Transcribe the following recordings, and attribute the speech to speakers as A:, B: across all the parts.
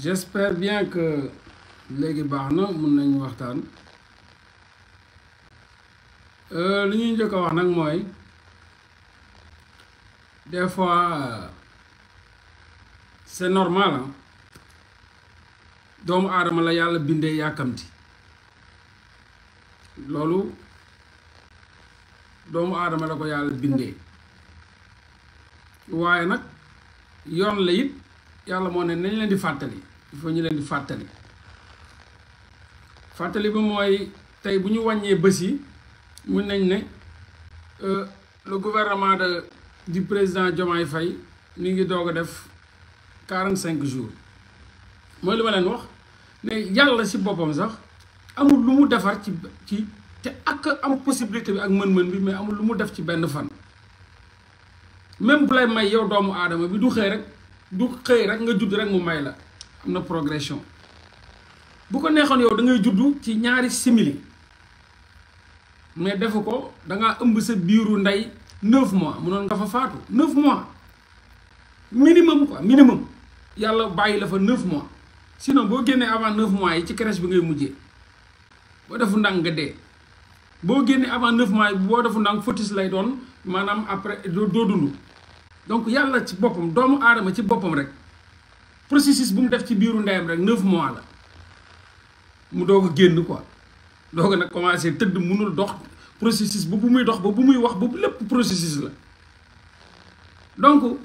A: j'espère bien que léegi baax na mun nañu waxtaan euh, li ñuy njëkk a wax nag mooy des fois euh, c'est normal doomu aadama la yàlla bindee yàkkamti loolu doomu aadama la ko yàlla bindee waaye nag yoon la it yàlla moo ne nañ leen di fàttali il ñu leen di fàttali fàttali bi mooy tey bu ñu wàññee bës yi mun nañ ne euh, le gouvernement de du président Diomaye fay mi ngi doog a def quarante cinq jours mooy li ma leen wax ne yàlla ci boppam sax amul lu mu defar ci ci te ak am possibilité bi ak mën-mën bi mais amul lu mu def ci benn fan même bu lay may yow doomu aadama bi du xëy rek du xëy rek nga judd rek mu may la am na progression bu ko neexoon yow da ngay juddu ci ñaari simili mais defu ko dangaa ngaa ëmb sa biiru ndey neuf mois munoon nga fa faatu neuf mois minimum quoi minimum yàlla bàyyi la fa neuf mois sinon boo génnee avant neuf mois yi ci crèche bi ngay mujjee boo defu ndànk nga dee boo génnee avant neuf mois yi boo defu ndànk fœtus lay doon maanaam après doo dund donc yàlla ci boppam doomu aadama ci boppam rek. processus bu mu def ci biiru ndeyam rek neuf mois la mu doog a génn ko doog a nag commencé tëdd mënul dox processus ba bu muy dox ba bu muy wax ba lépp procesus la donc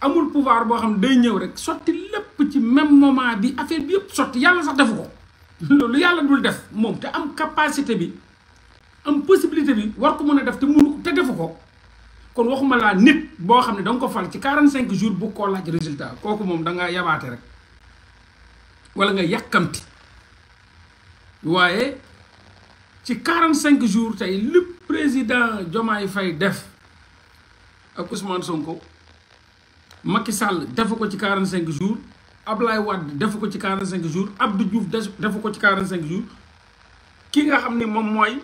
A: amul pouvoir boo xam day ñëw rek sotti lépp ci même moment bi affaire bi yëpp sotti yàlla sax defu ko loolu yàlla dul def moom te am capacité bi am possibilité bi war ko mën a def te mënu te defu ko kon waxuma laa nit boo xam ne danga ko fal ci 45 jours bu koo laaj résultat kooku moom da nga yabaate rek wala nga yàkkamti waaye ci cinq jours tey li président Diomaye fay def ak Ousmane Sonko Macky Sall defu ko ci 45 jours laay Wade defu ko ci 45 jours Abdou Diouf defu ko ci 45 jours ki nga xam ne moom mooy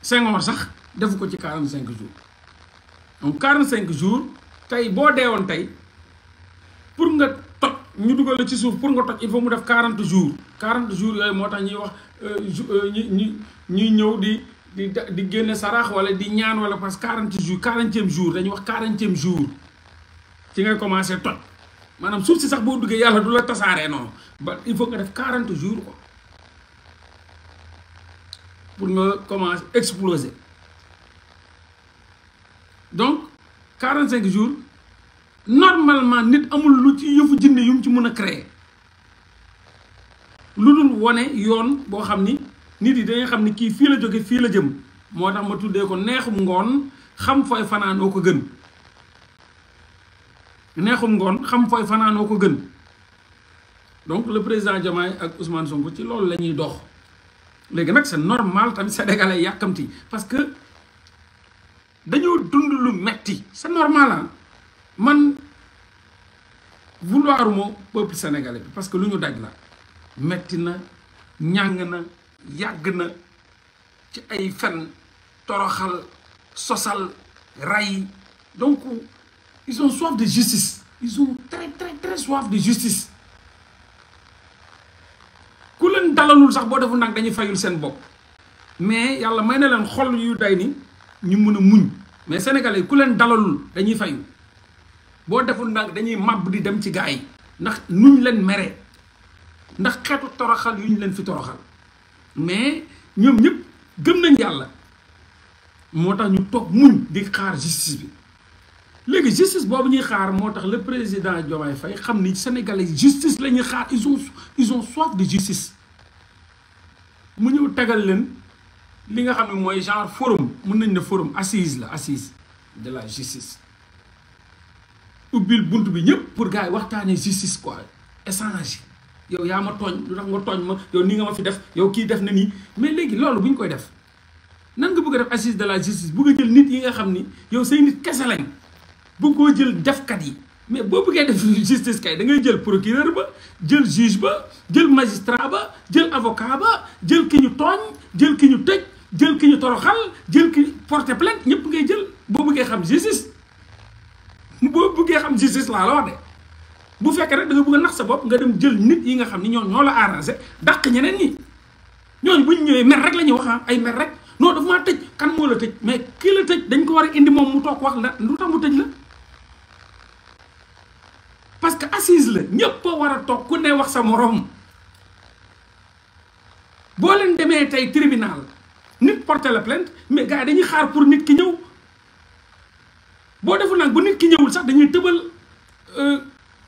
A: Senghor sax defu ko ci 45 jours. en quarante cinq jours tey boo dee woon tey pour nga toj ñu dugal la ci suuf pour nga toj il faut mu def quarante jours quarante jours yooyu moo tax ñuy wax ñu euh, euh, ñuy ñëw di di di génne saraax wala di ñaan wala parce que quarante jours quarantième jour dañuy wax quarantième jour ci ngay commencé toj maanaam suuf si sax boo duggee yàlla du la tasaaree noonu ba il faut nga def quarante jours quoi pour nga commencé exploser donc 45 jours normalement nit amul lu ci yëfu jinne yu mu ci mën a créer lu dul wone yoon boo xam ni nit yi dañuy xam ni kii fii la jóge fii la jëm moo tax ma tuddee ko neexum ngoon xam fooy fanaanoo ko gën neexum ngoon xam fooy fanaanoo ko gën donc le président Diomaye ak Ousmane Sonko ci loolu la ñuy dox léegi nag c'est normal tamit sénégalais yàkkamti parce que dañu dund lu metti c'est normal ah man vouloir mo peuple sénégalais parce que luñu daj la metti na ñang na yag na ci ay fan toroxal sosal ray donc ils ont soif de justice ils ont très très très soif de justice kulen leen dalalul sax bo defu nak dañuy fayul sen bok mais yalla may na leen xol yu day ni ñu mun a muñ mais yi ku leen dalalul dañuy fayu boo deful nag dañuy màbb di dem ci gaa yi ndax ñu leen mere ndax xeetu toroxal ñu leen fi toroxal mais ñoom ñëpp gëm nañ yàlla moo tax ñu toog muñ di xaar justice bi léegi justice boobu ñuy xaar moo tax le président Diomaye fay xam ni sénégalais justice la ñuy xaar ils ont ils ont soif de justice mu ñëw tegal leen li nga xam moy genre forum mën nañ ne forum assise la assise de la justice ubil buntu bi ñëpp pour gaay yi justice quoi essence yow ya ma togn lu tax nga togn ma yow ni nga ma fi def yow ki def na ni mais léegi lolu buñ koy def nan nga bëgg def assise de la justice bëgg jël nit yi nga xamni yow say nit kessa lañ bu ko jël me yi mais bo bëggee def justice kay da ngay jël procureur ba jël juge ba jël magistrat ba jël avocat ba jël ki ñu togn jël ki ñu jël ki ñu toroxal jël ki porter plainte ñepp ngay jël bu bëggee xam justice bu bëggee xam justice laa la wax de bu fekk rek da nga bëgg nax sa bop nga dem jël nit yi nga xam ni ñoo la arrangé dakk ñeneen ñi ñoo buñ ñëwé mer rek lañu wax ay mer rek non dafa ma kan mo la tëj mais ki la tëj dañ ko wara indi mom mu tok wax la lu tax mu tëj la parce que assise la ñepp a ku ne wax sa morom bo leen démé tay tribunal nit porter la plainte mais gars dañuy xaar pour nit ki ñew bo deful nak bu nit ki ñewul sax dañuy teubal euh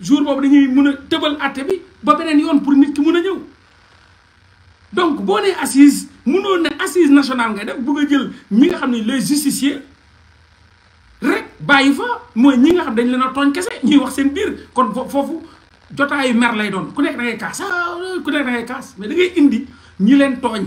A: jour bobu dañuy mëna teubal atté bi ba benen yoon pour nit ki mëna ñew donc bo né assise mëno né assise nationale ngay def bëgg a jël mi nga xamni les justiciers rek bàyyi fa moy ñi nga xam dañ leen a tooñ kese ñuy wax seen bir kon fofu jotaayu mer lay doon ku nek da ngay kaas ah, ku nek da ngay kaas mais da ngay indi ñi leen togn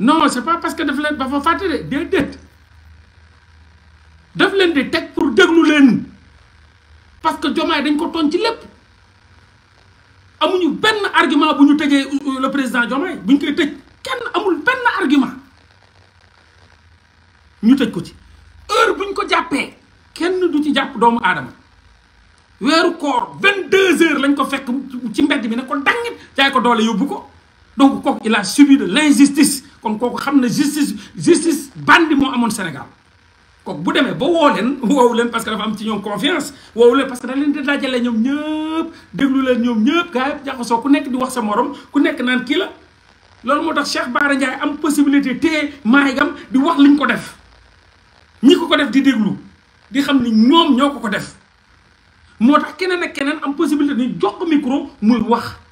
A: non c'est pas parce que daf leen ba fa fàtte de déedéet daf leen di teg pour déglu leen parce que jomaay dañ ko tooñ ci lépp amuñu benn argument bu ñu tëjee euh, euh, le président jomaay bu ñu koy tëj kenn amul benn argument ñu tëj ko ci heure buñ ko jàppee kenn du ci jàpp doomu aadama weeru koor vingt deux heures lañ ko fekk ci mbedd bi ne ko dangit jaay ko doole yóbbu ko donc kook il a subi de l'injustice kon koku xamna justice justice bandi mo amone senegal kok bu demee ba woo leen wo len parce que dafa am ci ñom confiance wo len parce que da len di dajale ñoom ñëpp déglu leen ñoom ñëpp gars yi ku nekk di wax sa morom ku nekk nan ki la motax Cheikh Bara ndjay am possibilité téye maayam di wax liñ ko def ñi ko ko def di deglu di xam ni ñom ñoko ko def motax kenen ak kenen am possibilité ni jox ko micro muy wax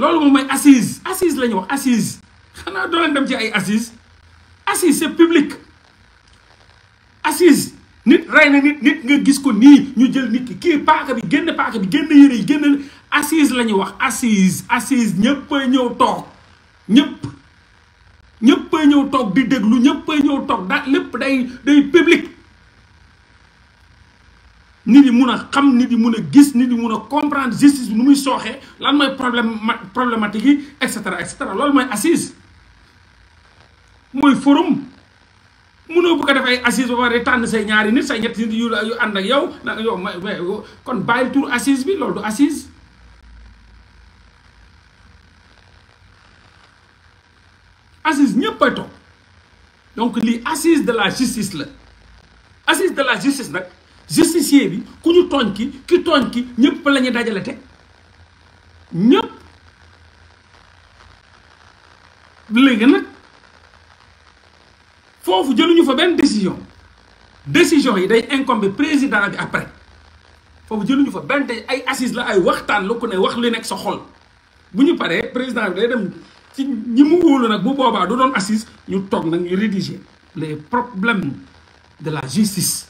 A: loolu moom mooy assise assise la ñu wax assise xanaa doo leen dem ci ay assise assise c'est public assise nit rey na nit nit nga gis ko nii ñu jël nit ki kii paaka bi génn paaka bi génn yére yi génn assise la ñuy wax assise assise ñëpp a ñëw toog ñëpp ñëpp a ñëw toog di déglu ñëpp a ñëw toog da lépp day day public nit yi mëna xam nit yi mëna gis nit yi mëna comprendre justice nu muy soxé lan moy problème problématique yi et cetera et cetera assise moy forum mëno bëgg a def ay assise ba pare tan say ñaari nit say ñet nit yu yu and ak yow nak yow mais kon bayil tur assise bi lool du assise assise ñëpp ay toog donc li assise de la justice la assise de la justice nak justicier bi kuñu ñu ki ki ki la jëluñu fa ben décision décision yi day incombe président bi après fofu jëluñu fa ay assise la ay waxtaan lu ku ne wax lu nek sa xol buñu président day dem ci ñi mu nak bu boba du doon une ñu rédiger les problèmes de la justice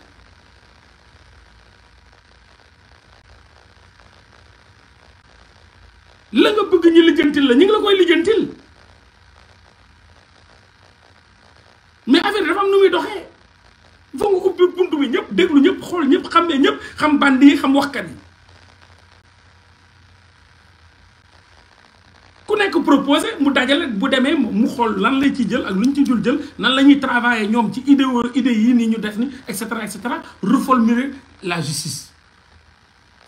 A: la nga bëgg ñu lijjantil la ñu ngi la koy lijjantil mais affaire dafa am nu muy doxee foo nga ubbi bunt bi ñëpp déglu ñëpp xool ñëpp xam ne ñëpp xam bandi yi xam waxkat yi ku nekk proposé mu dajale bu demee mu xool lan lañ ci jël ak lu ñu ci jul jël nan la ñuy travailler ñoom ci idée idée yi nii ñu def ni et cetera et cetera reformuler la justice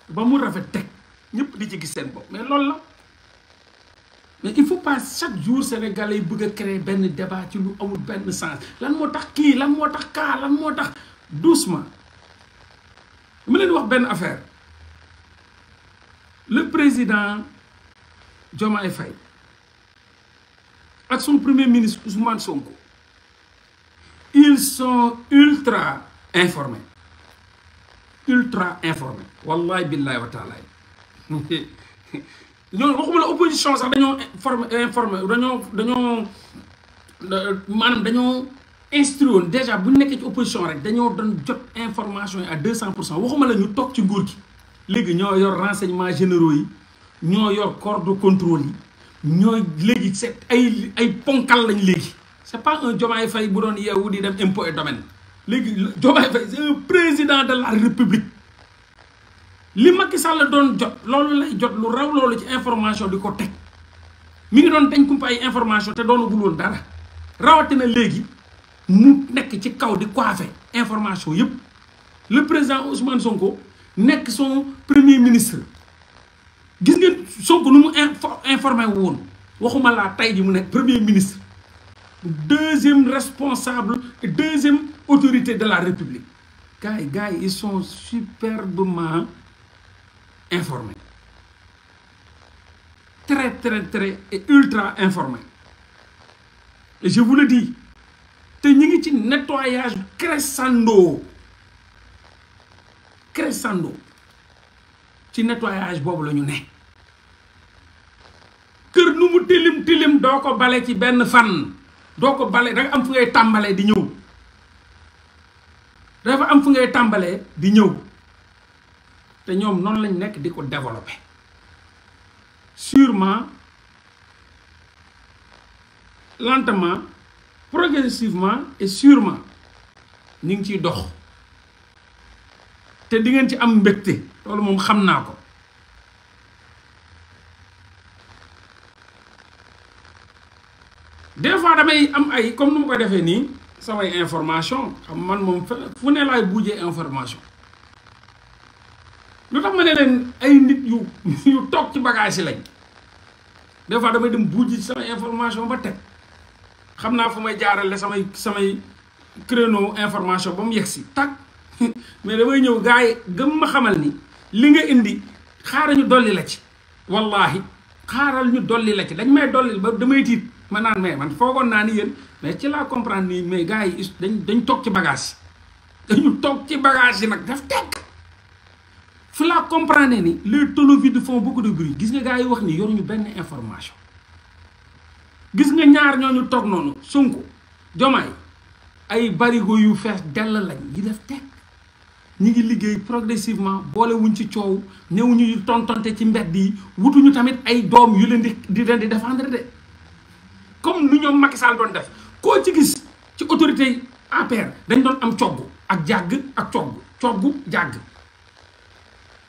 A: ba mu rafet teg ñëpp di ci gis seen bo mais loolu la mais il ne faut pas chaque jour sénégalais régaler pour créer un débat ci nous sens la moto qui la lan car la kaa lan Mais doucement vais vous wax affaire le président Diomaye Faye et son premier ministre Ousmane Sonko ils sont ultra informés ultra informés wallahi billahi wa taala ñoom waxuma la opposition sax dañoo informe informe dañoo dañoo maanaam dañoo instruit déjà bu nekkee ci opposition rek dañoo doon jot information à 200% waxuma la ñu toog ci nguur gi légui ñoo yor renseignements généraux yi ñoo yor corps de contrôle yi ñoo légui c'est ay ay ponkal lañ légui c'est pas un Diomaye fay bu doon yeewu di dem impôt et domaine légui Diomaye fay c'est un président de la république li Macky Sall doon jot loolu lay jot lu raw loolu ci information di ko teg mi ngi doon dañ kumpa ay information te doonagul woon dara rawatina léegi mu nekk ci kaw di coiffé information yep, le président Ousmane Sonko nekk son premier ministre gis ngeen Sonko nu mu informé woon waxuma laa tey ji mu nekk premier ministre deuxième responsable et deuxième autorité de la république gars gars ils sont superbement informé, Très, très, très et ultra informé. Et je vous le dis, nous avons nettoyage crescendo. Crescendo. ci nettoyage boobu la Que nous kër mu tilim tilim doko balé ci ben fan doko balé bale danga am fu ngay tambalé di ñëw dafa am fu ngay tambalé di te ñoom noonu lañu nekk di ko développer sûrement lentement progressivement et sûrement ñu ngi ciy dox te di ngeen ci am mbégte loolu moom xam naa ko des fois damay am ay comme nu mu koy defee nii samay information xam man moom fu ne laay buujee information lu tax ma ne leen ay nit yu yu toog ci bagage yi lañ des fois damay dem buuj ci sama information ba teg xam naa fu may jaarale samay samay créneau information ba mu yegg si tàkk mais damay ñëw gars yi gëm xamal ni li nga indi xaaral ñu dolli la ci wallaahi xaaral ñu dolli la ci dañ may dolli ba damay tiit ma naan mais man foogoon naa ni yéen mais ci laa comprendre nii mais gars yi dañ dañ toog ci bagage yi dañu toog ci bagage yi nag daf teg fu laa comprendre ni les tolovides font beaucoup de bruit gis nga gars yi wax ni yoruñu benn information gis nga ñaar ñooñu toog noonu Sonko Jomaay ay barigo yu fees dell lañ yi def teg ñu ngi liggéey progressivement boolewuñ ci coow newuñu yu tontonte ci mbedd yi wutuñu tamit ay doom yu leen di di leen di défendre de comme lu ñoom Macky Sall doon def koo ci gis ci autorité yi APR dañ doon am cogg ak jàgg ak cogg cogg jàgg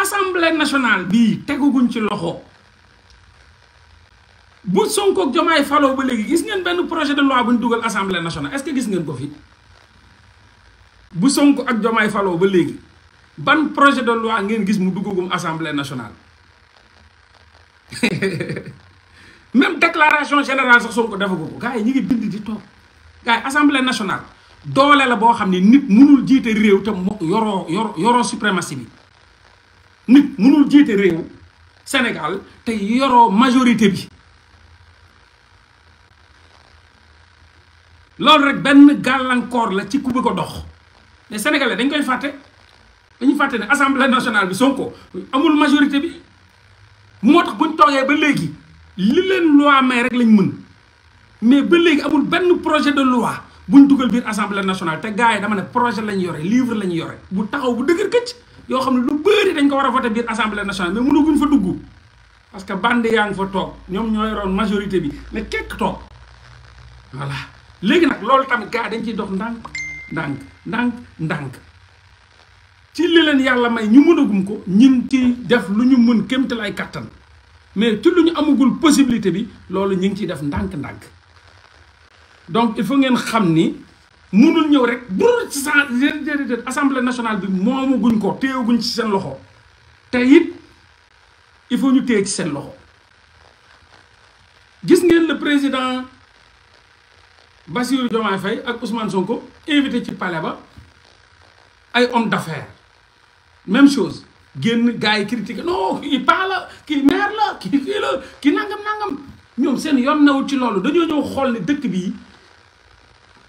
A: assemblée nationale bi teggugun ci loxo bu sonko ak jomay faloo ba legi gis ngeen ben projet de loi buñ dugal assemblée nationale est ce que gis ngeen ko fi bu sonko ak jomay faloo ba legi ban projet de loi ngeen gis mu duggugum assemblée nationale même déclaration générale sax sonko defagu ko gaay ñi ngi bind di tok gaay assemblée nationale doole la bo xamni nit mënul jité réew te yoro yoro suprématie bi nit mënul jiite réew Sénégal te yoro majorité bi loolu rek benn gàllankoor la ci ku bëgg a dox mais sénégalais dañ koy fàtte dañuy fàtte ne assemblée nationale bi Sonko amul majorité bi moo tax bu ñu toogee ba léegi li leen loi mais rek lañ mën mais ba léegi amul benn projet de loi buñ dugal biir assemblée nationale te gars yi dama ne projet lañ yore livre lañ yore bu taxaw bu dëgër këcc yoo xam ne lu bëri dañ ko war a voté biir assemblée nationale mais mënaguñ fa dugg parce que bande yaa ngi fa toog ñoom ñoo yoroon majorité bi mais kekk toog voilà léegi nag loolu tamit gars dañ ciy dox ndànk ndànk ndànk ndànk ci li yàlla may ñu mënagum ko ñin ci def lu ñu mën kémta lay kattan mais ci lu ñu amagul possibilité bi loolu ñu ngi ciy def ndànk-ndànk donc il faut ngeen xam ni mënul ñëw rek ci assemblée nationale bi moomu ko ci seen loxo te it il faut ñu ci seen loxo gis ngeen le président Bassirou Diomaye ak Ousmane Sonko invité ci palais ba ay homme d'affaires même chose génn gars yi non kii paa la kii maire la kii kii la kii nangam nangam ñoom ci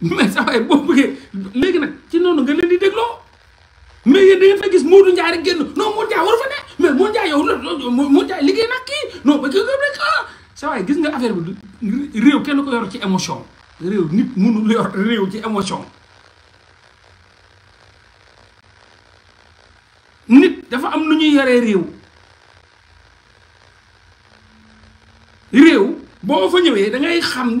A: mais saa waay boo bëggee léegi nag ci noonu nga leen di dégloo mais yéen fa gis Modou Ndiaye rek génn non Modou Ndiaye waru fa ne mais Modou Ndiaye yow Modou Ndiaye liggéey nag kii non ba kii rek ah gis nga affaire bi réew kenn ko yor ci émotion réew nit mënul yor réew ci émotion nit dafa am nu ñuy yoree réew réew boo fa ñëwee da xam.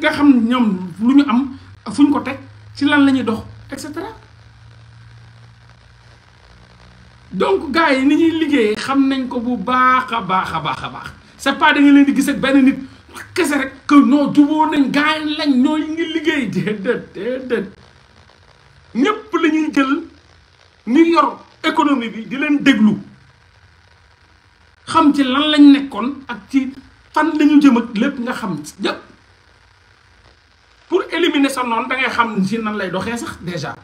A: nga xam ñoom lu ñu am fu ñu ko teg ci lan la ñuy dox et cetera donc gars yi ni ñuy liggéeyee xam nañ ko bu baax a baax a baax a baax c'est pas da leen di gisee benn nit kese rek noo non juboo nañ gaa yi lañ ñooy ngi liggéey déedéet déedéet ñépp la ñuy jël ñu yor économie bi di leen déglu xam ci lan lañ nekkoon ak ci fan lañu jëm ak lépp nga xam ñépp pour éliminer sa non da ngay xam ci nan lay doxé sax déjà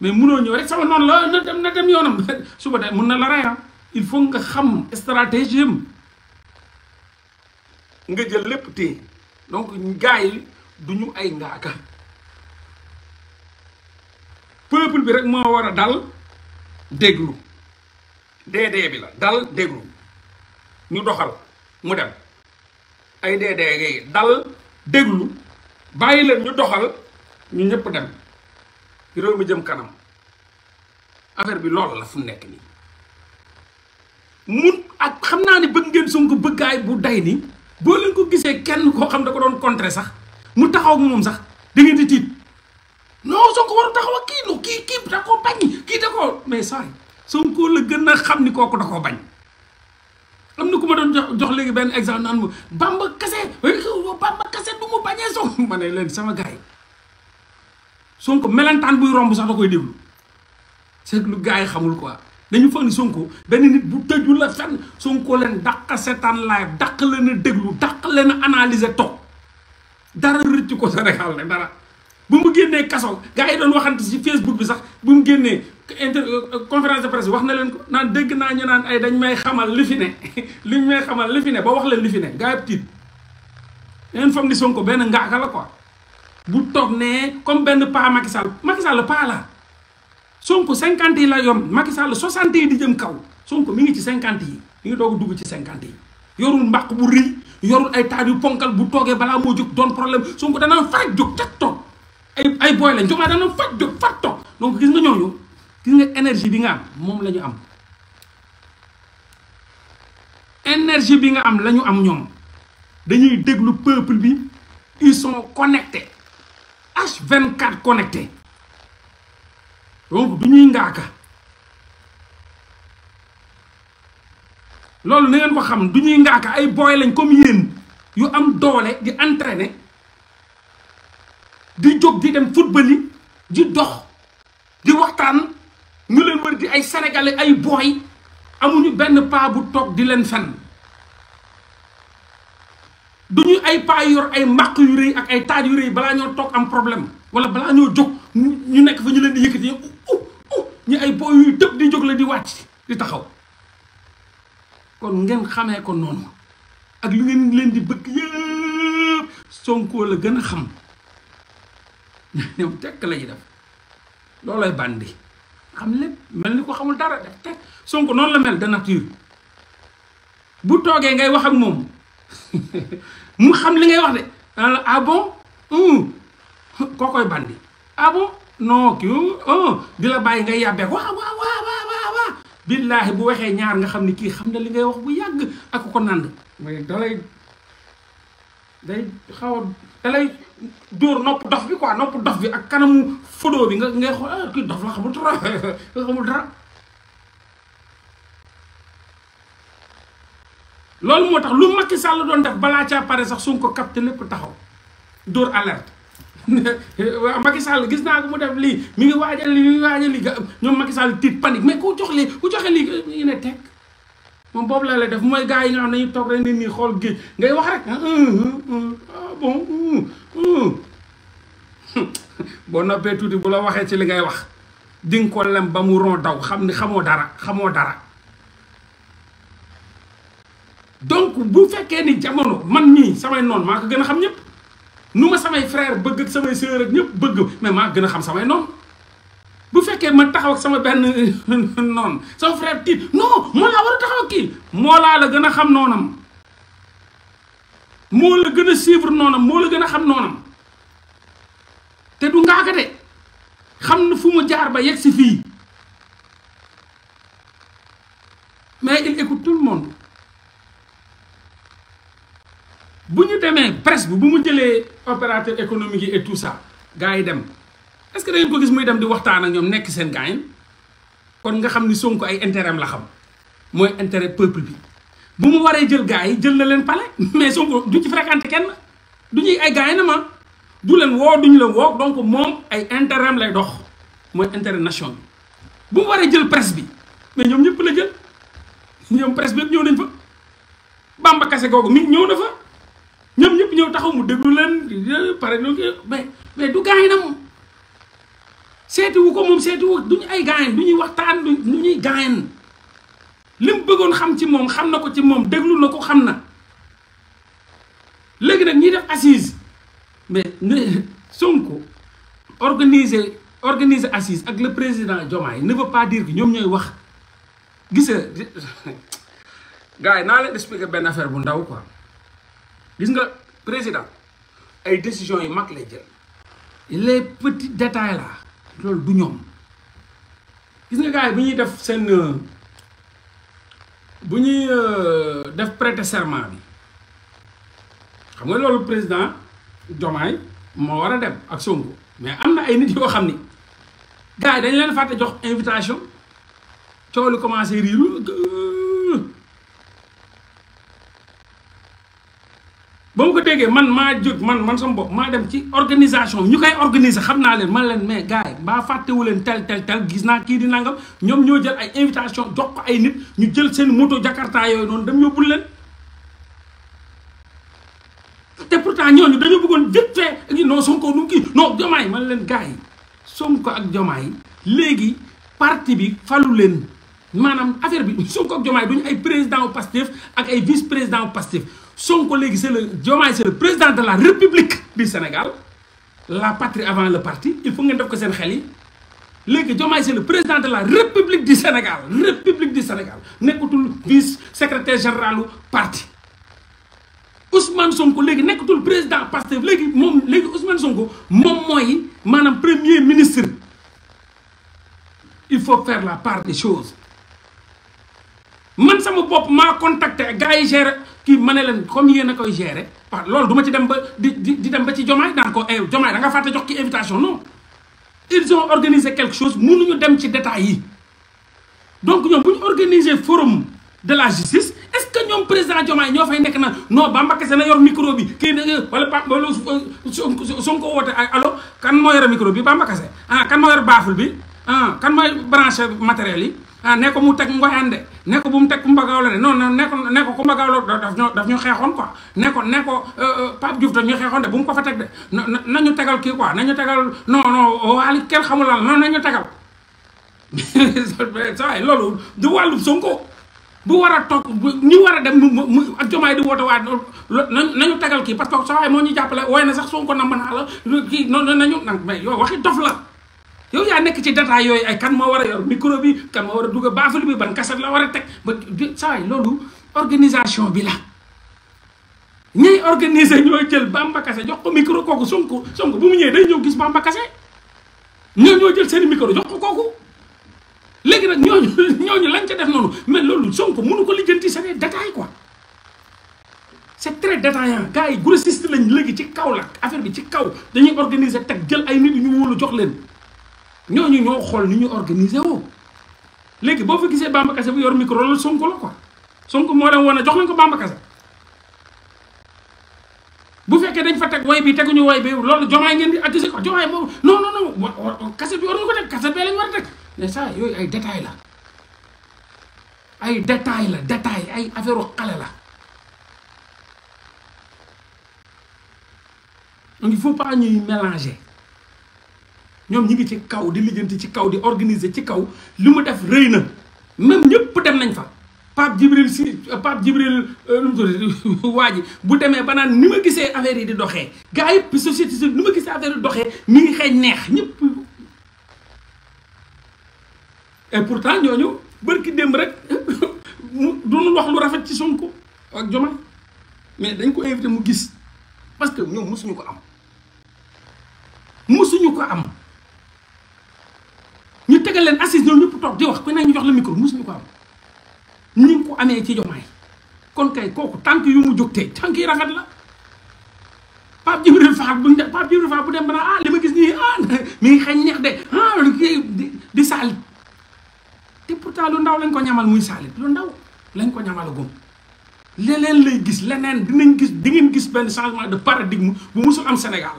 A: mais mëno ñëw rek sama non la na dem na dem yonam suba day mëna la ray ah. il faut nga xam stratégie nga jël lepp té donc gaay duñu ay ngaaka peuple bi rek mo wara dal déglu dédé bi la dal déglu ñu doxal mu dem ay dédé dal déglu bàyyi leen ñu doxal ñu ñëpp dem réew mi jëm kanam affaire bi loolu la fu nekk nii mun ak xam naa ne bëgg ngeen Sonko bëggaay bu day ni boo leen ko gisee kenn koo xam da ko doon contrer sax mu taxaw ak moom sax da ngeen di tiit non Sonko war a taxaw ak kii no kii kii da koo bañ kii da koo mais sorry Sonko la gën a xam ni kooku da koo bañ amna kuma don jox jox ben exemple nan bamba kase bamba kase du mu bañee Sonko ma ne sama gay Sonko melantane buy romb sax da koy deglu c'est lu gars xamul quoi dañu foog Sonko ben nit bu teju la fenn Sonko len dak setan lay dak la a deglu dak la a analyser tok dara rutti ko senegal ne dara bu mu genné kasso gars yi doon waxante Facebook bi sax bu mu genné inter eh, conférence de presse wax na len ko nan deug na ñu nan ay dañ may xamal li fi ne liñ may xamal li fi ne ba wax len li fi ne gaa yëpp tiit ngeen foog ni ben nga ka la quoi bu tok ne comme ben pa Macky Sall Macky Sall pa la sonko cinquante yi la yom Macky Sall 60 di jëm kaw sonko mi ngi ci 50 yi mi ngi doog dugg ci 50 yi yorul mbax bu ri yorul ay taat yu ponkal bu toge bala mo juk don problème sonko na faaj juk tak tok ay ay boy la juma da na faaj juk faj tok donc gis nga ñoo ñoo gis nga énergie bi nga am moom lañu am énergie bi nga am lañu am ñoom dañuy déglu peuple bi ils sont connectés H24 connectés donc du ñuy ngaaka loolu na ngeen xam du ñuy ngaaka ay booy lañ comme yéen yu am doole di entraîner di jóg di dem football yi di dox di waxtaan ñu leen wër di ay sénégalais ay booy amuñu benn paa bu toog di leen fenn duñu ay paa yor ay màq yu rëy ak ay taaj yu rëy balaa ñoo toog am problème wala balaa ñoo jóg ñu nekk fa ñu leen di yëkkati ñu ay booy yuy tëb di jóg la di wàcc di taxaw kon ngeen xamee ko noonu ak li ngeen leen di bëgg yëpp Sonko la gën a xam ñoom tekk lañuy def loolay bandi xam lépp mel ni ko xamul dara def teg noonu la mel de nature bu toogee ngay wax ak moom mu xam li ngay wax de la ah koo koy bandi ah bon non di la bàyyi ngay yàbbee waaw waaw billaahi bu waxee ñaar nga xam ni kii xam na li ngay wax bu yàgg ak ko nand mais dalay day xaw da lay dóor nopp dof bi quoi nopp dof bi ak kanamu fodo bi nga ngay xool ah kii dof la xamul dara nga xamul dara loolu moo tax lu Macky Sall doon def balaa caa pare sax Sonko capté lépp taxaw dóor alerte waaw Macky Sall gis naa ko mu def lii mi ngi waajal lii mu ngi waajal lii ñoom Macky Sall tiit panique mais ku jox lii ku joxe lii ñu ne teg moom boobu la lay def mooy gars yi ñoo xam ne dañuy toog rek nit ñi xool géej ngay wax rek boo noppee tuuti bu la waxee ci li ngay wax di nga ko lem ba mu ron daw xam ni xamoo dara xamoo dara donc bu fekkee ni jamono man mii samay noon maa ko gën a xam ñëpp nu ma samay frère bëgg ak samay sœur ak ñëpp bëgg mais maa gën a xam samay noon bu fekkee ma taxaw sama benn noonu sama frère tiit non moo laa war a taxaw ak kii moo laa la gën a xam noonam moo la gën a suivre noonam moo la gën a xam noonam te du ngaaka de xam na fu mu jaar ba yegg si fii mais il écoute tout le monde bu ñu demee presse bu mu jëlee opérateur économique yi et tout sax gars yi dem. est-ce que da ngeen gis muy dem di waxtaan ak ñoom nekk seen gaañ kon nga xam ni Sonko ay intérêt la xam mooy intérêt peuple bi bu mu waree jël gars yi jël na leen pale mais Sonko du ci fréquenté kenn du ay gaañ na leen woo duñu leen woo donc moom ay intérêt lay dox mooy intérêt nation bi bu mu waree jël presse bi mais ñoom ñëpp la jël ñoom presse bi ñëw nañ fa Bamba Kassé googu mi ñëw na fa ñoom ñëpp ñëw taxaw mu déglu leen pare mais mais du gaañ na moom seetiwu ko moom seetiwu ñu ay gaayen du ñuy waxtaan du ñuy gaayen li mu bëggoon xam ci moom xam na ko ci moom déglu na ko xam na léegi nag ñuy def assise mais Sonko organiser organiser assise ak le président Diomaye ne veut pas dire que ñoom ñooy wax gis nga naa leen expliquer benn affaire bu ndaw quoi gis nga président ay décisions yu mag lay jël les petits détails la loolu du ñoom gis nga gars yi bu ñuy def seen bu ñuy euh, def prêter serment bi xam nga loolu président Diomaye moo war a dem ak Sonko mais am na ay nit yoo xam ni gars yi dañ leen fàtte jox invitation coow commencé riiru euh, ba mu ko déggee man maa jóg man man sama bopp maa dem ci organisation ñu koy organiser xam naa leen man leen mais gars yi mbaa fàttewu leen tel tel tel gis naa kii di nangam ñoom ñoo jël ay invitation jox ko ay nit ñu jël seen moto jakarta yooyu noonu dem yóbbul leen te ñooñu dañoo bëggoon vite fait non Sonko nu kii non yi man leen gars yi ko ak yi léegi parti bi falu leen maanaam affaire bi Sonko ak Diomaye duñu ay président u Pastef ak ay vice président u Pastef son collègue, c'est le c'est le président de la République du Sénégal la patrie avant le parti il faut que def ko c'est le président de la République du Sénégal République du Sénégal le vice secrétaire général du parti Ousmane Sonko léegi le président parce que moom Ousmane Sonko mon premier ministre il faut faire la part des choses man sama bopp contacté gars yi kii ma ne leen comme yéen a koy gérer waaw loolu du ma ci dem ba di di dem ba ci jomaay daan ko eew eh, jomaay nga fàtte jox ki invitation non ils ont organisé quelque chose mënuñu dem ci détails yi donc ñoom bu ñu organiser forum de la justice est-ce que ñoom président Diomaye ñoo fay nekk na non Bamba Kassé na yor micro bi kii na eh, wala Pa wala Sonko woote ay ah, allo kan moo yor micro bi Bamba Kassé ah kan moo yor baaful bi ah kan mooy branché matériel yi. ah ne ko mu teg ngoyaan de ne ko bu mu teg ku mbagaaw la de non non ne ko ne ko ku mbagaaw la daf ñoo daf ñu xeexoon quoi ne ko ne ko euh, euh, Pape ñu xeexoon de bu mu ko fa teg de nañu tegal kii quoi nañu tegal non non waali kenn xamul lan non nañu tegal saa loolu du wàllu Sonko bu war a toog ñu war a dem mu ak jomaay di woote waa nañu tegal kii parce que saa moo ñu jàppale waaye na sax Sonko namm naa la kii noonu nañu nag mais yow waxi dof la yow yaa nekk ci data yooyu ay kan moo war a yor micro bi kan moo war a dugg baaful bi ban kaset la war a teg ba saa yi loolu organisation bi la ñay organiser ñoo jël bamba kase jox ko micro kooku Sonko Sonko bu mu ñëwee day ñëw gis bamba kase ñoo ñoo jël seen micro jox kooku léegi nag ñooñu ñooñu lañ ca def noonu mais loolu Sonko mënu ko li lijjanti c'est des détails quoi c'est très détaillant gars yi grossiste lañ léegi ci kaw la affaire bi ci kaw dañuy organiser teg jël ay nit ñu wóolu jox leen ñooñu ñoo xool ni ñu organiser woo léegi boo fa gisee Bamba Kassé bu yor micro loolu Sonko la quoi Sonko moo dem woon a jox lañ ko Bamba Kassé bu fekkee dañ fa teg way bi tegu ñu way bi loolu jomaay ngeen di accusé quoi jomaay boobu non non non Kassé bi war nañu ko teg Kassé bee lañ war a teg mais ça yooyu ay détail la ay détail la détail ay affaire xale la donc il faut pas mélanger ñoom ñi ngi ci kaw di lijjanti ci kaw di organiser ci kaw li mu def rëy na même ñëpp dem nañ fa Pape Djibril si Pape Djibril euh, waa ji bu demee ba naan ni ma gisee affaire yi di doxee gars yëpp société civile ni ma gisee affaire yi di doxee mi ngi xeeñ neex ñëpp et pourtant ñooñu bërki démb rek duñu wax lu rafet ci Sonko ak Diomaye mais dañ ko invité mu gis parce que ñoom mosuñu ko am mosuñu ko am tegal leen assise ñoom ñëpp toog di wax ku ne ñu jox la micro musuñu ko am ni nga ko amee ci jomaay kon kay kooku tànk yu mu jóg tey tànk yi rafet la Pape Djibril Fall bu Pape Djibril bu dem ba ah ma gis nii ah mi ngi xëy neex de ah, di saalit te pourtant lu ndaw lañ ko ñamal muy saalit lu ndaw lañ ko ñamal a gum leneen lay gis leneen dinañ gis di ngeen gis benn changement de paradigme bu musul am Sénégal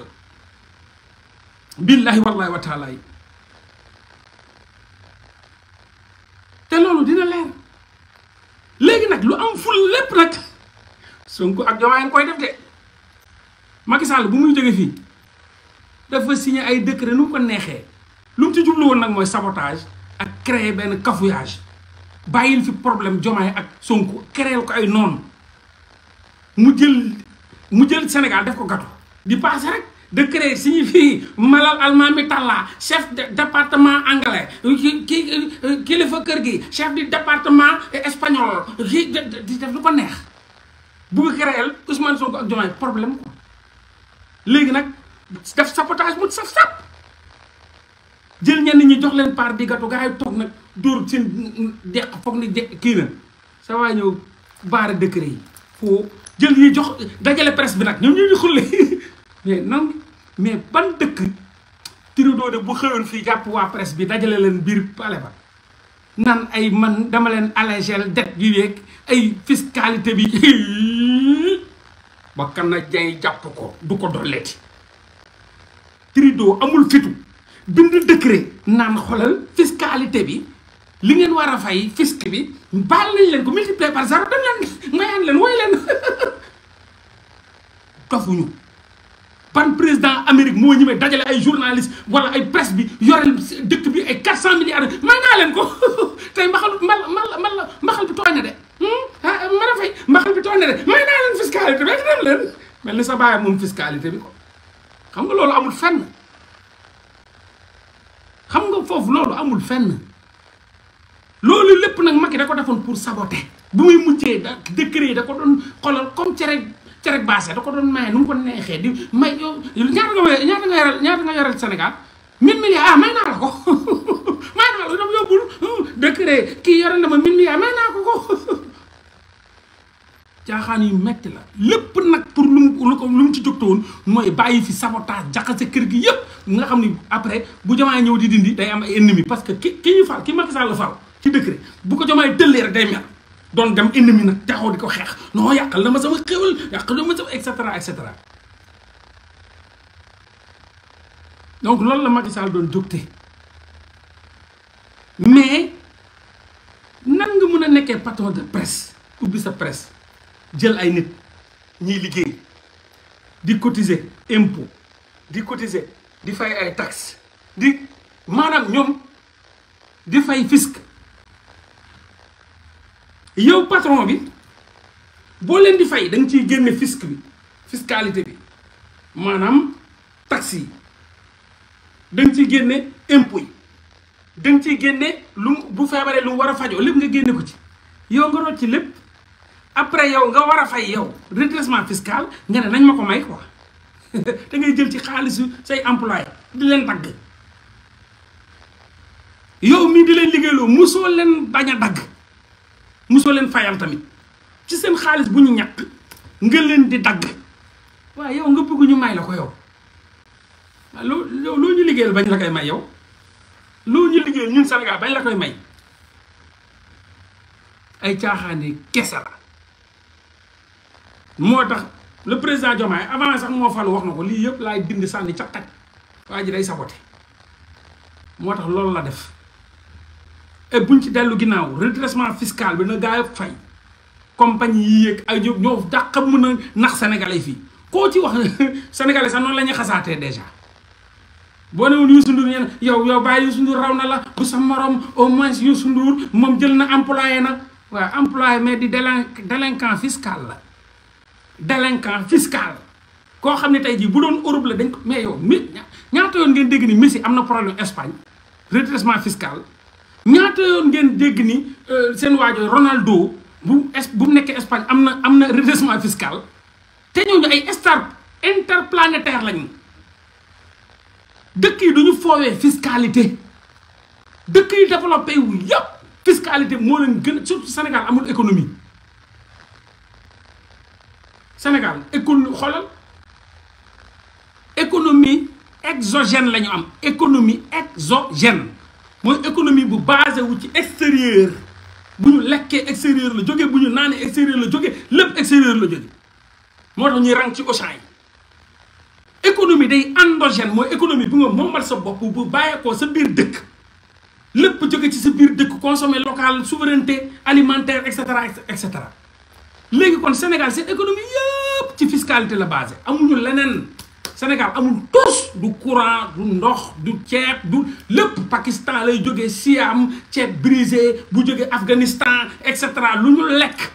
A: billahi wallahi wa taala yi Sonko ak Diomaye koy def de Macky Sall bu muy jóge fii dafa signé ay décret lu mu ko neexee lu mu ci jublu woon nag mooy sabotage ak créer benn cafouillage bàyyil fi problème Diomaye ak Sonko créer ko ay noonu mu jël mu jël Sénégal def ko gâteau di passé rek décret signé fii Malal bi Talla chef de département anglais ki ki kilifa kër gi chef du département espagnol di def lu ko neex bugg créel Ousmane Sonko ak Diomaye problème ko léegi nag def sabotage mu saf sap jël ñenn ñi jox leen part di gâteau gars toog nag dóor seen deq foog ni de kii na sa waa ñëw baare décret yi foo jël ñi jox dajale presse bi nag ñoom ñoo ñu xulle mais nan mais ban dëkk Trudeau de bu xëyoon fii jàpp waa presse bi dajale leen biir pale ba naan ay man dama leen allégel dette yu yeeg ay fiscalité bi ba canadien yi jàpp ko du ko dolleeti Trudeau amul fitu bind décret naan xolal fiscalité bi li ngeen war a fay fisc bi baal lañ leen ko multiplier par zéro dem leen ngayaan leen mooy leen dofuñu ban président Amérique moo ñëwee dajale ay journaliste wala ay presse bi yorel dëkk bi ay quatre cent milliards may naa leen ko tey mbaxal mal mal mal mbaxal bi tooy na de Hmm? ah, ah mën a fay mbaxal bi toog na de may naa leen fiscalité rek dem leen mel ni sa baay moom fiscalité bi ko xam nga loolu amul fenn xam nga foofu loolu amul fenn loolu lépp nag Macky da ko defoon pour saboter bu muy mujjee da décret yi da ko doon xoolal comme cere cere baase da ko doon maye nu mu ko neexee di may yow ñaata nga may ñaata nga yoral ñaata nga yoral Sénégal mille milliards ah may naa la ko may naa la dama yóbbul hmm, décret kii yore na ma mille milliards may naa ko ko caaxaan yu metti la lépp nag pour lu mu lu mu ci jógte woon mooy bàyyi fi sabotage jaxase kër gi yépp nga xam ni après bu jamaay ñëw di dindi day am ay ennemi parce que ki ki ñu fal ki Macky Sall fal ci décret bu ko jamaay tëllee rek day mer doon dem ennemi nag taxaw di ko xeex non yàqal na ma sama xéwal yàqal na ma sama et cetera et cetera donc loolu la Macky Sall doon dugte mais nan nga mën a nekkee patron de presse ubbi sa presse jël ay nit ñiy liggéey di cotiser impôt di cotiser di fay ay taxes di maanaam ñoom di fay fisc yow patron bi boo leen di fay da ci ciy génne fisc bi fiscalité bi maanaam tax yi danga nga ciy génne impôt yi da génne lu bu feebaree lu war a fajoo lépp nga génne ko ci yow nga rocc ci lépp après yow nga war a fay yow redressement fiscal nga ne nañ ma ko may quoi da ngay jël ci xaalisu say employé di leen dagg yow mii di leen liggéeyloo musoo leen bañ a dagg musoo leen fayam tamit ci seen xaalis bu ñu ñàkk nga leen di dagg waaye yow nga bëgg ñu may la ko yow loo loo ñu liggéeyal bañ la koy may yow loo ñu liggéey ñun Sénégal bañ la koy may ay caaxaani kese la moo tax le président jomaa avance sax moo falu wax na ko lii yëpp laay bind sànni ca taj waa ji day saboté moo tax loolu la def et buñ ci dellu ginnaaw redressement fiscal bi na gaa yëpp fay compagnie yi yéeg ak ñoo dàq mën a nax sénégalais fii koo ci wax sénégalais sax noonu la xasaatee déjà bone newul yusundur ñen yow yow bàyyi yusundur Ndour raw na la bu sa morom au moins yusundur mom jël na employé na wa employé mais di délinquant fiscal la délinquant fiscal ko xamni tay ji bu doon Europe la dañ ko mais yow mi ñaata yon ngeen dégg ni Messi amna problème Espagne redressement fiscal ñaata yon ngeen dégg ni euh, sen wajjo Ronaldo bu es bu nekk Espagne amna amna redressement fiscal té ñu ay star interplanétaire lañu dëkk yi du ñu foowee fiscalité dëkk yi développé wu yëpp fiscalité moo leen gën surtout Sénégal amul économie Sénégal économie xoolal économie exogène la ñu am économie exogène mooy économie bu basé wu ci extérieur bu ñu lekkee extérieur la jóge bu ñu naanee extérieur la jóge lépp extérieur la jóge moo tax ñuy rang ci Auchan yi économie day endogène mooy économie bi nga moomal sa bopp bu bàyyeekoo sa bir deuk lepp jóge ci sa bir deuk consommer local souveraineté alimentaire etc etc légui kon Sénégal c'est économie yépp ci fiscalité la basé amuñu lenen Sénégal amul tous du courant du ndox du ceeb du lepp Pakistan lay jógee Siam ceeb brisé bu jógee Afghanistan etc. luñu lu ñu lekk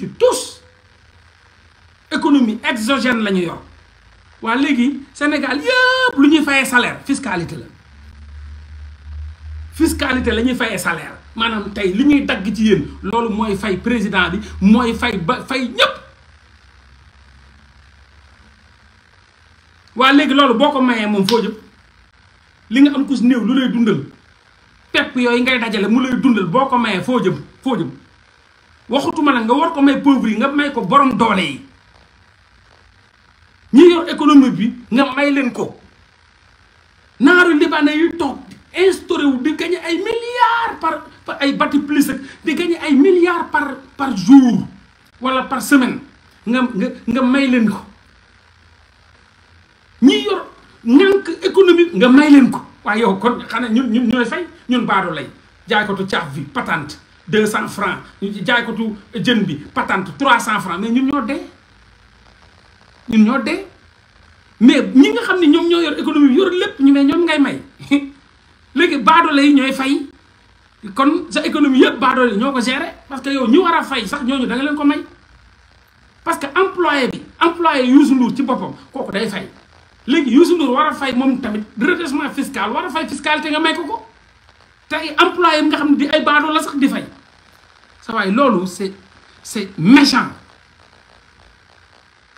A: ci tous économie exogène la yor. waa léegi Sénégal yëpp lu ñuy fayee salaire fiscalité la fiscalité la ñuy fayee salaire maanaam tey li ñuy dagg ci yéen loolu mooy fay président bi mooy fay ba fay ñépp waa léegi loolu boo ko mayee moom foo jëm li nga am kus néew lu lay dundal pepp yooyu ngay dajale mu lay dundal boo ko mayee foo jëm foo jëm waxutuma nag nga war ko may pauvre yi nga may ko borom doole yi ñi yor économie bi nga may leen ko naaru libanais yu toog instauré wu di gagné ay milliards par par ay bati plus ak di ay milliards par par jour wala par semaine nga nga nga may leen ko ñi yor ñànk économique nga may leen ko waaye yow kon xanaa ñun ñun ñooy fay ñun baadu lay jaay ko tu caaf bi patente deux cent francs jaay ko tu jën bi patente trois cent francs mais ñun ñoo dee ñu ñoo dee mais ñi nga xam ne ñoom ñoo yor économie yor lépp ñu mais ñoom ngay may léegi baadoole yi ñooy fay kon sa économie yëpp baadoole yi ñoo ko gérer parce que yow ñu war a fay sax ñooñu danga leen ko may parce que employé bi employé Youssou Ndour ci boppam kooku day fay léegi Youssou Ndour war a fay moom tamit redressement fiscal war a fay fiscalité nga may ko ko te employé bi nga xam ne di ay baadoo la sax di fay sa waay loolu c'est c'est méchant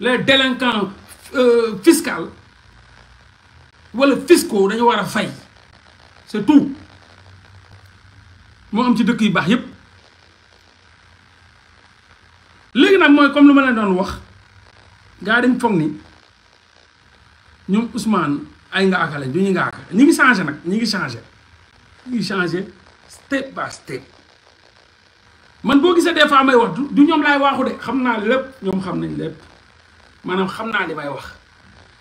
A: les délinquants euh, fiscal wala fiscaux dañu war a fay c'est tout moo am ci dëkk yi baax yëpp léegi nag mooy comme lu ma leen doon wax gars dañ foog ni ñoom Ousmane ay nga akale du ñu nga akale ñu ngi changé nag ñi ngi changé ñu ngi changé step by step man boo gisee des fois may wax du ñoom laay waaxu de xam naa lépp ñoom xam nañ lépp maanaam xam naa ni may wax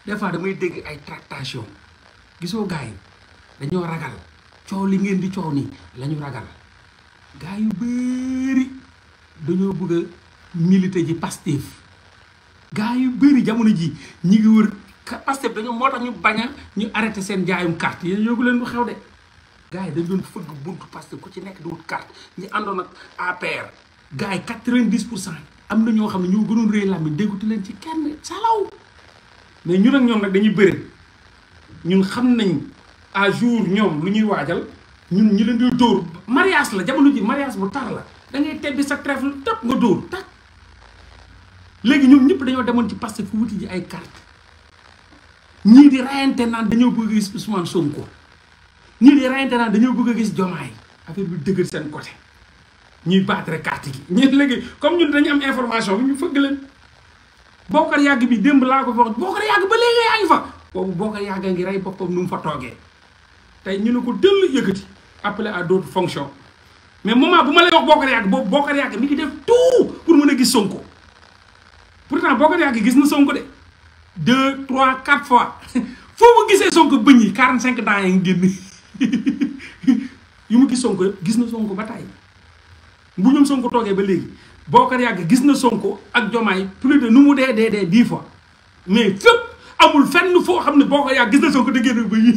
A: des fois damay dégg ay tractation gisoo gars yi dañoo ragal coow li ngeen di coow nii lañu ragal gars yu bëri dañoo bëgg a militer ji Pastef gars yu bëri jamono ji ñi ngi wër Pastef dañoo moo tax ñu bañ ñu arrêté seen jaayum carte yéen yóbbu leen lu xew de gars yi dañ doon fëgg buntu Pastef ku ci nekk di wut carte ñu àndoon ak APR gars yi quatre-vingt-dix pour cent am na ñoo xam ne ñoo gënoon rëy làmmiñ déggutu leen ci kenn salaw mais ñu ak ñoom nag dañuy bëri ñun xam nañ à jour ñoom lu ñuy waajal ñun ñu leen di dóor mariage la jamono ji mariage bu tar la da ngay tebbi sa trèfle lu nga dóor tak léegi ñoom ñëpp dañoo demoon ci Pastef fu wuti ji ay carte ñii di rayante naan dañoo bëgg a gis Ousmane Sonko ñii di rayante naan dañoo bëgg a gis yi affaire bi dëgg seen côté ñuy battre carte gi ñun léegi comme ñun dañu am information bi ñu fëgg leen Bokar Yàgg bi démb laa ko wax Bokar Yàgg ba léegi yaa ngi fa boobu Bokar Yàgg nu mu fa toogee tey ñu ne ko dëll yëkkati appelé à d'autres fonctions mais moment bu ma lay wax Bokar Yàgg boobu Bokar Yàgg mi ngi def tout pour mën a gis Sonko pourtant Bokar Yàgg gis na Sonko de deux trois quatre fois foo mu gisee Sonko bëñ yi quarante cinq ans yi ngi génn yu mu gis Sonko yëpp gis na Sonko ba tàyyi bu ñoom Sonko toogee ba léegi Bokar Yàgg gis na Sonko ak Jomaay plus de nu mu dee dee dee dix fois mais fépp amul fenn foo xam ne Bokar Yàgg gis na Sonko da génn ba yi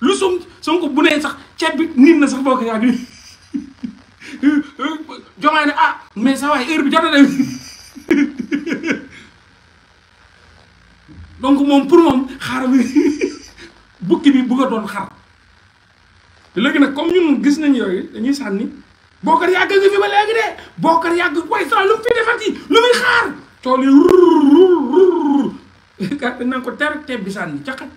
A: lu Sonko Sonko bu nee sax ceeb bi nit na sax Bokar Yàgg Jomaay ne ah mais sax waay heure bi jot na de donc moom pour moom xaar bi bukki bi bugg doon xar léegi nag comme ñun gis nañ yooyu dañuy sànni bookar yàgg ngi fi ba léegi de bookar yàgg koy sa lu mu fi defati muy xaar tool yi rrrr ka nanga ko ter teeb bi sànni caqat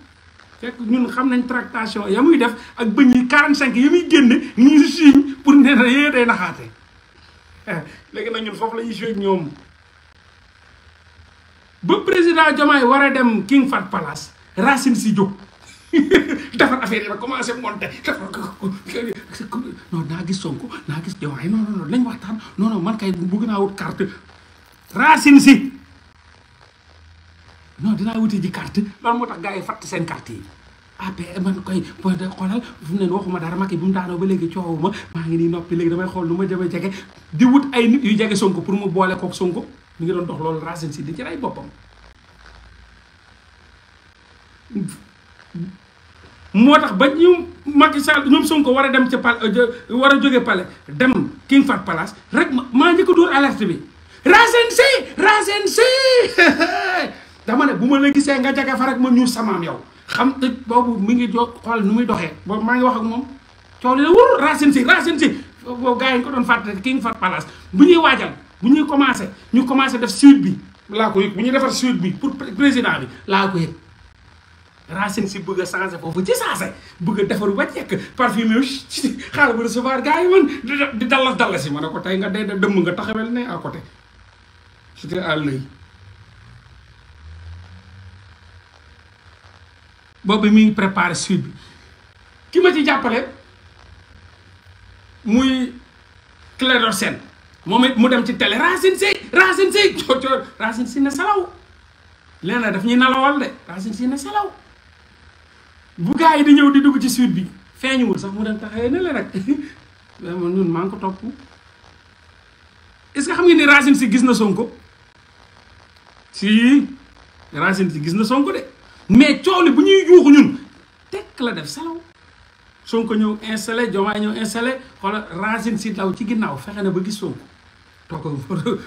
A: fekk ñun xam nañ tractation ya muy def ak bëñ yi 45 ya yamuy génn ñii siiñ pour ne na yee day naxaate léegi nag foofu la ñuy joué ñoom ba président Diomaye war a dem King Fahd Palace Racine si jóg defar affaire yi ba commencé monté defar non gis Sonko naa gis Diomaye non non non nañ waxtaan non non man kay bëgg naa wut carte racine si non dinaa wuti ji carte loolu moo tax gaa yi fàtt seen carte yi APR ah, man koy boo de fu mu ne waxuma dara Macky bu mu daanoo ba léegi coowu ma maa ngi nii noppi léegi damay xool nu ma demee jege di wut ay nit yu jege Sonko pour mu boole kook Sonko mu ngi doon dox loolu racine si di ci boppam moo tax ba ñu Macky Sall ñoom Sonko war a dem ca pal euh, war a jóge palais dem King Fahd Palace rek maa njëkk a dóor alerte bi Racine Sy Racine Sy dama ne bu ma la gisee nga jaga fa rek ma ñuur samaam yow xam te boobu mu ngi joog xool nu muy doxee boobu maa ngi wax ak moom coow li la wóor Racine Sy Racine Sy boobu yi ñu ko doon fàtte King Fahd Palace bu ñuy waajal bu ñuy commencé ñu commencé def suite bi laa ko yëg bu ñuy defar suite bi pour président bi laa ko yëg racine si bëgg changer fofu ci saase bëgg a defaru ci jekk parfumé xal bu recevoir gars man di dallas dallas yi ma ne ko tey nga day dem nga taxawel ne à côté c'était à l'œil bobu mi ngi préparer suite ki ma ci jappalé muy Clédor Sène momit mu dem ci télé racine si racine si racine si na salaw lena daf ñi nalawal de racine si na salaw bu gars yi di ñëw di dugg ci suite bi feeñuwul sax mu dem taxawee ne la rek ñun maa ngi ko topp est-ce xam nga ni Racine si gis na Sonko si Racine si gis na Sonko de mais coow li bu ñuy yuuxu ñun tekk la def salaw Sonko ñëw installé Diomaye ñëw installé xoolal Racine si daw ci ginnaaw fexe na ba gis Sonko toog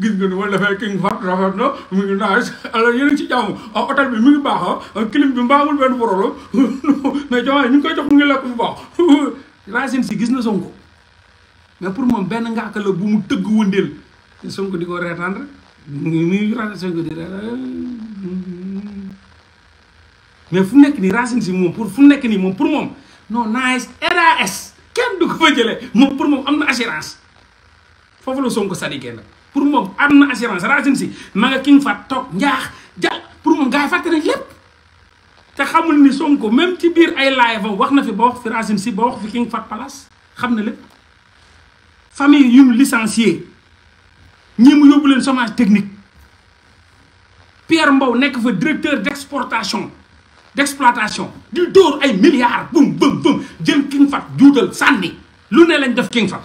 A: gis nga nu ma defee king fat rafet na mu ngi nice alors yéen a ngi ci jàmm hôtel bi mu ngi baax ah clim bi mbaamul benn problème mais jamono ñu ngi koy jox mu ngi lekk bu baax Racine si gis na Sonko mais pour moom benn ngaak la bu mu tëgg wëndeel Sonko di ko reetaan rek mu ngi Sonko di mais fu nekk nii Racine si moom pour fu nekk nii moom pour moom non nice RAS kenn du ko fa jëlee moom pour moom am na assurance foofu la Sonko sadiqee la pour moom am na assurance Racine si ma nga ki nga fat toog njaax jàll pour moom gars yi fàtte nañ lépp te xamul ni Sonko même ci biir ay laay fa wax na fi ba wax fi Racine Sy ba wax fi ki fat palace xam na lépp famille yu mu licencié ñii mu yóbbu leen chômage technique Pierre Mbow nekk fa directeur d'exportation d'exploitation di dóor ay milliards bum bum bum jël ki nga fat juutal sànni lu ne lañ def ki fat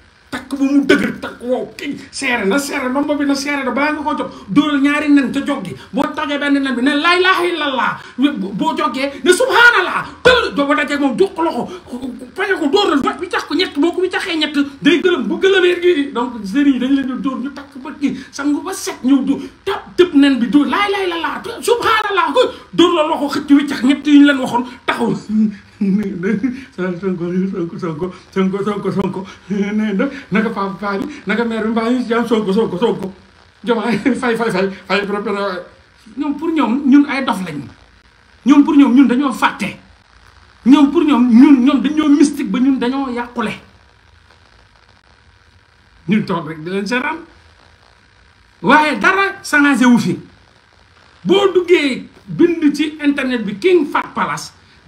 A: takk ba mu dëgër takk wow ki seere na seere ndomba bi na seere na baa nga koo jox dóoral ñaari nen ca joggi boo tojee benn nen bi ne laa ilaaha illallaah boo joggee ne subhaanallaa tël doo ba dajee moom jox ko loxo pañe ko dóoral ba bi tax ko ñett boo ko bi taxee ñett day gëlëm bu gëlëmee gi donc sëriñ yi dañ leen di dóor ñu takk ba kii sangu ba set ñëw dóor tëb tëb nen bi dóor laa ilaaha illallaah subhaanallaa ko dóor la loxo xëcc wiccax ñett yu ñu leen waxoon taxaw sal sonko sonko sonko sonko sonko sonko ne def naka paa paa bi naka maire bi mbaa ñu si am sonko sonko ñoom pour ñoom ñun ay dof lañ ñoom pour ñoom ñun dañoo fàtte ñoom pour ñoom ñun ñoom dañoo mystique ba ñun dañoo yàqule ñun toog rek di leen seetaan waaye dara changé wu fi boo duggee bind ci internet bi King Fat Palace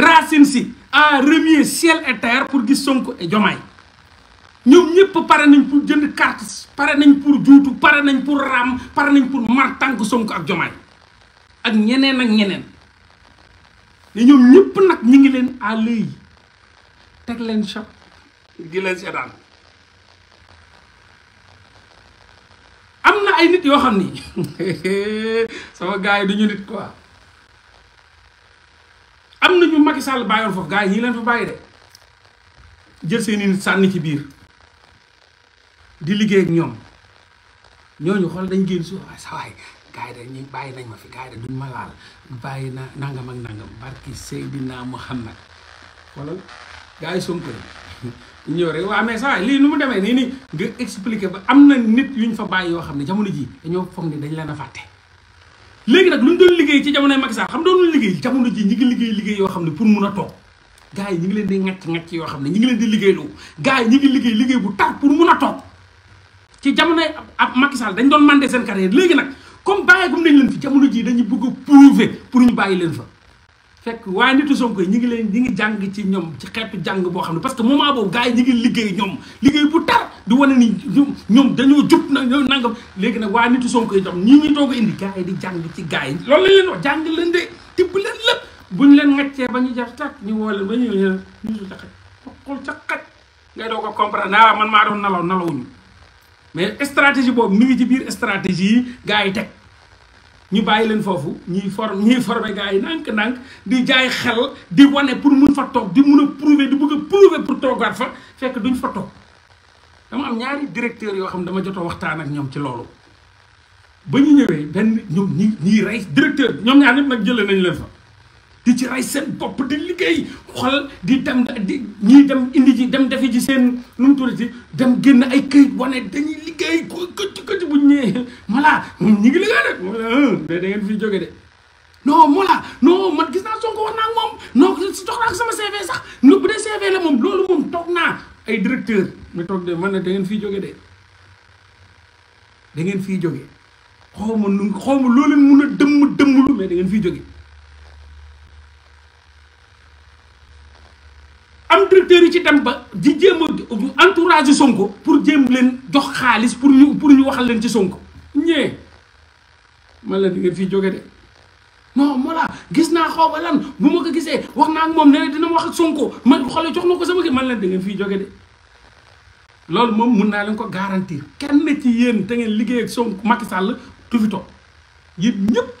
A: racine si a remué ciel et terre pour gis sonko et jomay ñom ñepp paré nañ pour jënd carte paré nañ pour paré nañ pour ram paré nañ pour martank sonko ak jomay ak ñeneen ak ñeneen ni ñom ñepp nak ñi ngi leen à l'œil tek leen chap di leen sétan amna ay nit yo xamni sama gaay duñu nit quoi am na ñu Macky Sall bàyyoon foofu gars yi ñii leen fa bàyyi de jël seeni nit sànni ci biir di liggéey ak ñoom ñooñu xool dañ génn su waay ah, sa waay gars yi da ñu bàyyi nañ ma fi gars yi da duñ ma laal bàyyi na nangam ak nangam barki Seydina Muhammad wala gars yi Sonko ñëw rek waaw mais saa lii nu mu demee nii nii nga expliqué ba am na nit yuñ fa bàyyi yoo xam ne jamono ji dañoo foog ni dañ leen a fàtte léegi nag lu ñu doon liggéey ci jamonoy Macky xam doon liggéey jamono ji ñi ngi liggéey liggéey yoo xam ne pour mun a toog gars yi ñi ngi leen di ŋacc ŋacc yoo xam ne ñi ngi leen di liggéeyloo gars yi ñi ngi liggéey liggéey bu tar pour mun a to ci jamonoy ab Macky dañ doon man de seen carrière léegi nag comme bàyyeegum nañ leen fi jamono ji dañu bëgg a prouver pour ñu bàyyi leen fa fekk waaye nitu Sonko yi ñu ngi leen ñi ngi jàng ci ñoom ci xeetu jàng boo xam ne parce que moment boobu gars yi ngi liggéey ñoom liggéey bu tar di wane ni ñoom dañoo jub nag ñoom nangam léegi nag waaye nitu sonk yi tam ñuy doog indi gars di jàng ci gaay yi loolu la leen wax jàng leen de tibb buñ leen ŋaccee ba ñu jar tak ñu woo leen ba ñu ñu su ca xaj xool ca xaj ngay naa ah, man maa doon nalaw nalawuñu mais stratégie boobu mi ngi ci biir stratégie yi gars teg ñu bàyyi leen foofu ñuy for ñuy former gars yi nànk-nànk di jaay xel di wane pour mun fa toog di mun a prouver di bëgg a prouver pour toogaat fa fekk duñ fa toog dama am ñaari directeur yoo xam dama jot a waxtaan ak ñoom ci loolu. ba ñu ñëwee benn ñu ñi ñiy rey directeur ñoom ñaar ñëpp nag jëlee nañ leen fa. di ci ray sen bop di liggey xol di dem di ñi dem indi ji dem defe ci sen num mu ci dem genn ay keuy woné dañuy liggey ko ko ci ko ci bu ñëwee mala ñi ngi liggéey rek mais da ngeen fi jóge de non mala non man gis na sonko wax naa mom non ko ci tok na sama CV sax no bu dé CV la mom lolu mom tok na ay directeur mi tok de man da ngeen fi jóge de da ngeen fi jóge xawma nu xawma lolu leen mun dem dëmm lu mais da ngeen fi jóge am directeur ci dem ba di jéem a entourage Sonko pour jéem leen jox xaalis pour ñu pour ñu waxal leen ci Sonko ñee man la di jóge de non voilà gis naa xaw ma lan bu ma ko gisee wax naa ak moom ne dina ma wax ak Sonko man xoole jox na ko sama kii man leen di fii jóge de loolu moom mun naa leen ko garantir kenn ci yéen da ngeen liggéey ak Sonko Macky Sall du ñëpp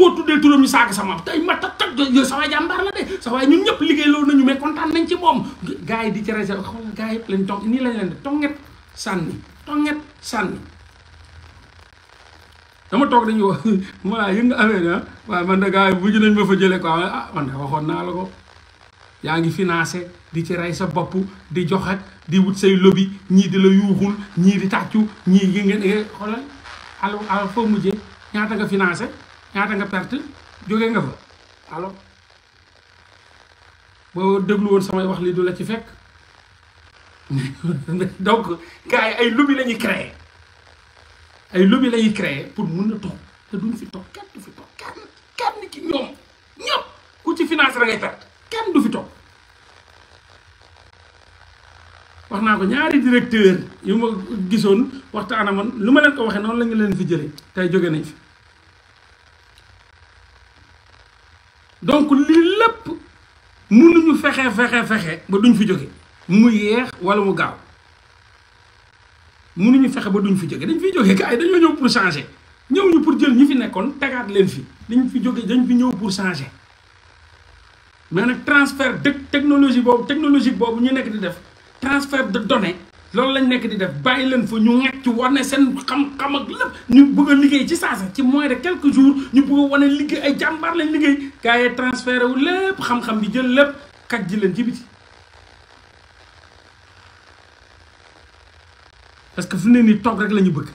A: foo tuddee turam ñu saaga sama tey ma tak tak yooyu sa waay jàmbaar la de sa waay ñun ñëpp liggéey loolu nañu mais kontaan nañ ci moom gars di ci réserve xaw ma gars yëpp lañ toog nii lañ leen di tonget sànni tonget sànni dama toog dañuy wax voilà yëngu amee na ah. waaye man de gars yi mujj nañ jëlee quoi ah man waxoon naa la ko yaa ngi financé di ci rey sa bopp di jox di wut say lobby ñii di la yuuxul ñii di tàccu ñii gi ngeen xoolal alors alors foo mujjee ñaata nga financé. ñaata nga perte jóge nga fa allo boo déglu woon samay wax li du la ci fekk donc gars yi ay lobby lañuy créer ay lobby lañuy créer pour mën a toog te duñ fi toog kenn du fi toog kenn kenn ki ñoom ñëpp ku ci finance da ngay perte kenn du fi toog wax naa ko ñaari directeur yu ma gisoon waxtaana man lu ma leen ko waxee noonu la nga leen fi jëlee tey jóge nañ fi donc ce lépp fait fexe ba duñ fi mu yeex wala mu Nous faisons ba Nous fi faire dañ pour changer Nous ñu pour jël ñi pour changer mais transfert de technologie boobu technologie transfert de données loolu lañ nekk di def bàyyi leen fa ñu ŋecc wane seen xam-xam ak lépp ñu bëgg a liggéey ci saasa ci moins de quelques jours ñu bëgg a wane liggéey ay jàmbaar lañ liggéey gars yi transféré wu lépp xam-xam bi jël lépp kaj ji leen ci biti parce que fu ne nii toog rek la bëgg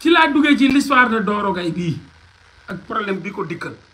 A: ci laa duggee ci l'histoire de Doro Gaye bii ak problème bi ko dikkat